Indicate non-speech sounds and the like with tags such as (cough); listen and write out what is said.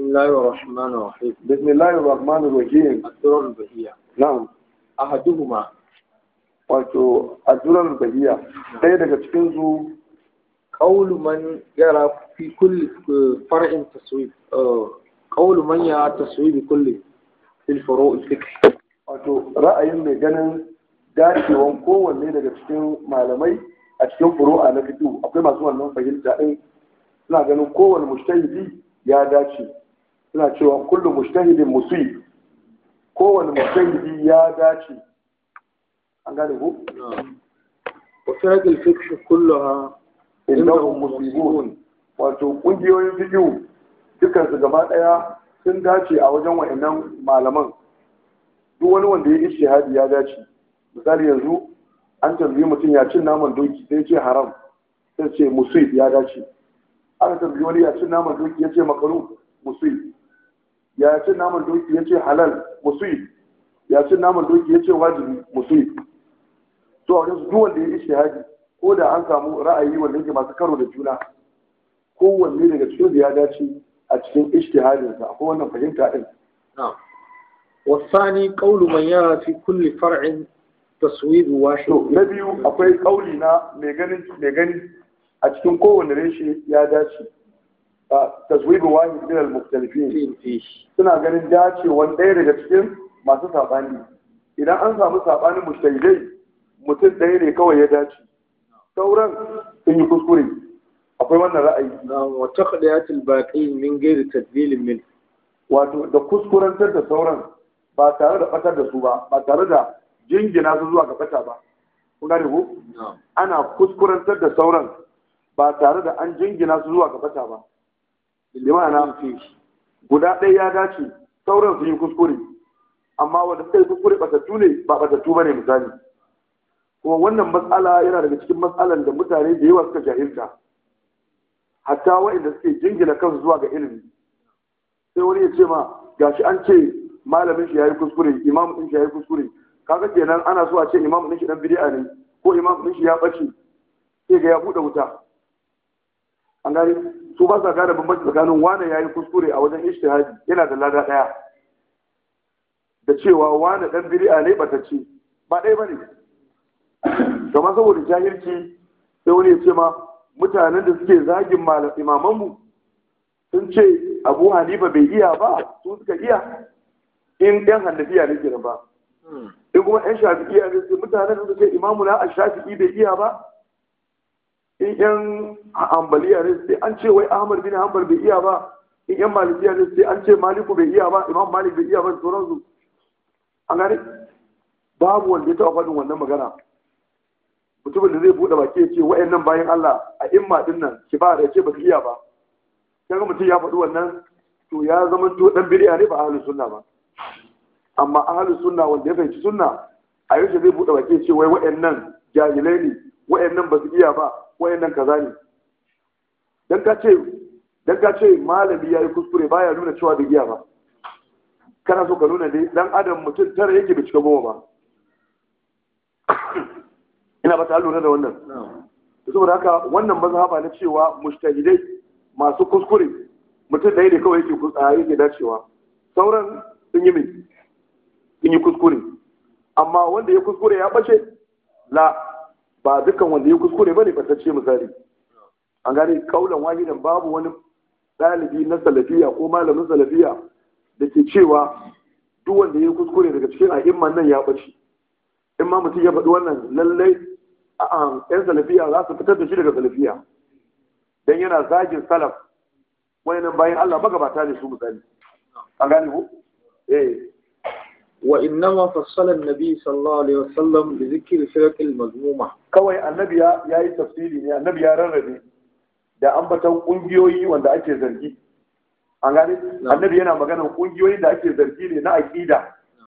بسم الله الرحمن الرحيم بسم الله الرحمن الرحيم الدرر البهية نعم أحدهما wato a durar bahiya ɗaya daga cikin su qawlu man yara fi kulli far'in taswib uh, qawlu man yara taswib kulli fil furu' fiqh wato ra'ayin mai ganin dacewan kowanne daga cikin malamai a cikin furu'a na fiqh akwai masu wannan fahimta din suna ganin kowanne mushtahidi ya dace suna cewa kullum mushtahidin musib kowane mushtahidi ya dace an gane ku wa saqil fiqh kullaha innahum musibun wato kungiyoyin fiqh dukkan su gaba daya sun dace a wajen wayannan malaman duk wani wanda ya yi ishihadi ya dace misali yanzu an tambayi mutum ya cin naman doki sai ce haram sai ce musib ya dace aka tambayi wani ya cin naman doki ya ce makaru musib ya ce naman doki ya ce halal musuyi ya ce naman doki ya ce wajibi musuyi to a wajen duk wanda ya yi haji ko da an samu ra'ayi wanda yake masu karo da juna kowanne daga cikin ya dace a cikin ijtihadinsa akwai wannan fahimta din wasani qawlu man yara fi kulli far'in taswib wahid na biyu akwai kauli na mai gani a cikin kowanne reshe ya dace taswibu wahid min al-mukhtalifin suna ganin wani ɗaya daga cikin masu saɓani idan an samu saɓanin mushtahidai mutum ɗaya ne kawai ya dace sauran sun yi kuskure akwai wannan ra'ayi na wata qadiyatul baqi min ghairi tadlilin min wato da kuskurantar da sauran ba tare da ɓatar da su ba ba tare da jingina su zuwa ga bata ba kun gane ana kuskurantar da sauran ba tare da an jingina su zuwa ga bata ba limana guda ɗaya ya dace sauran su yi kuskure amma wanda suka yi kuskure batattu ne ba batattu ba ne misali kuma wannan matsala yana daga cikin matsalan da mutane da yawa suka jahilta hatta wa'inda suke jingina kansu zuwa ga ilimi sai wani ya ce ma gashi an ce malamin shi yayi kuskure imamu din shi yayi kuskure kaga kenan ana so a ce imam din shi dan bid'a ne ko imam din shi ya bace sai ga ya bude wuta an gani su ba sa gane bambanci tsakanin wane ya yi kuskure a wajen ishtihadi yana da lada ɗaya da cewa wane dan biri'a ne batacce ba ɗaya ba ne kamar saboda jahilci sai wani ya ce ma mutanen da suke zagin imamanmu sun ce abu hanifa bai iya ba su suka iya in yan hannafiya ne ke ba hmm. in kuma shafi shafi'iya ne sai mutanen da suke imamu na a shafi'i bai iya ba in yan ambaliya ne sai an ce wai ahmad bin hanbal bai iya ba in yan malikiya ne sai an ce maliku bai iya ba imam malik bai iya ba sauransu an gani. babu wanda ya taɓa faɗin wannan magana mutumin da zai buɗe baki ya ce wa'annan bayan Allah a imma din nan ki ba da ce ba iya ba kaga mutum ya faɗi wannan to ya zama to dan bid'a ne ba ahli sunna ba amma ahli sunna wanda ya fahimci sunna a yau zai buɗe baki ya ce wai wa'annan jahilai ne wa'annan ba su iya ba wayannan kaza ne dan ka ce dan ka ce malami yayi kuskure baya nuna cewa da giya ba kana so ka nuna dai dan adam mutum tara yake bai cika goma ba (coughs) ina ba ta lura da wannan saboda haka wannan mazhaba na cewa mujtahidai masu kuskure mutum da yake kawai yake yake dacewa sauran sun yi mai sun yi kuskure amma wanda ya kuskure ya bace la ba dukkan wanda ya kuskure bane ce misali an gane kaulan wahidan babu wani ɗalibi na salafiya ko malamin salafiya da ke cewa duk wanda ya kuskure daga cikin a'imman nan ya ɓace in ma mutum ya faɗi wannan lallai a yan salafiya za su fitar da shi daga salafiya dan yana zagin salaf nan bayan Allah magabata ne su misali an gane ku eh وإنما فصل النبي صلى الله عليه وسلم لذكر الفرق المذمومة كوي النبي يا يا تفسيري يا النبي يا رغبي da ambaton kungiyoyi wanda ake zargi an gane annabi yana magana kungiyoyi da ake zargi ne na aqida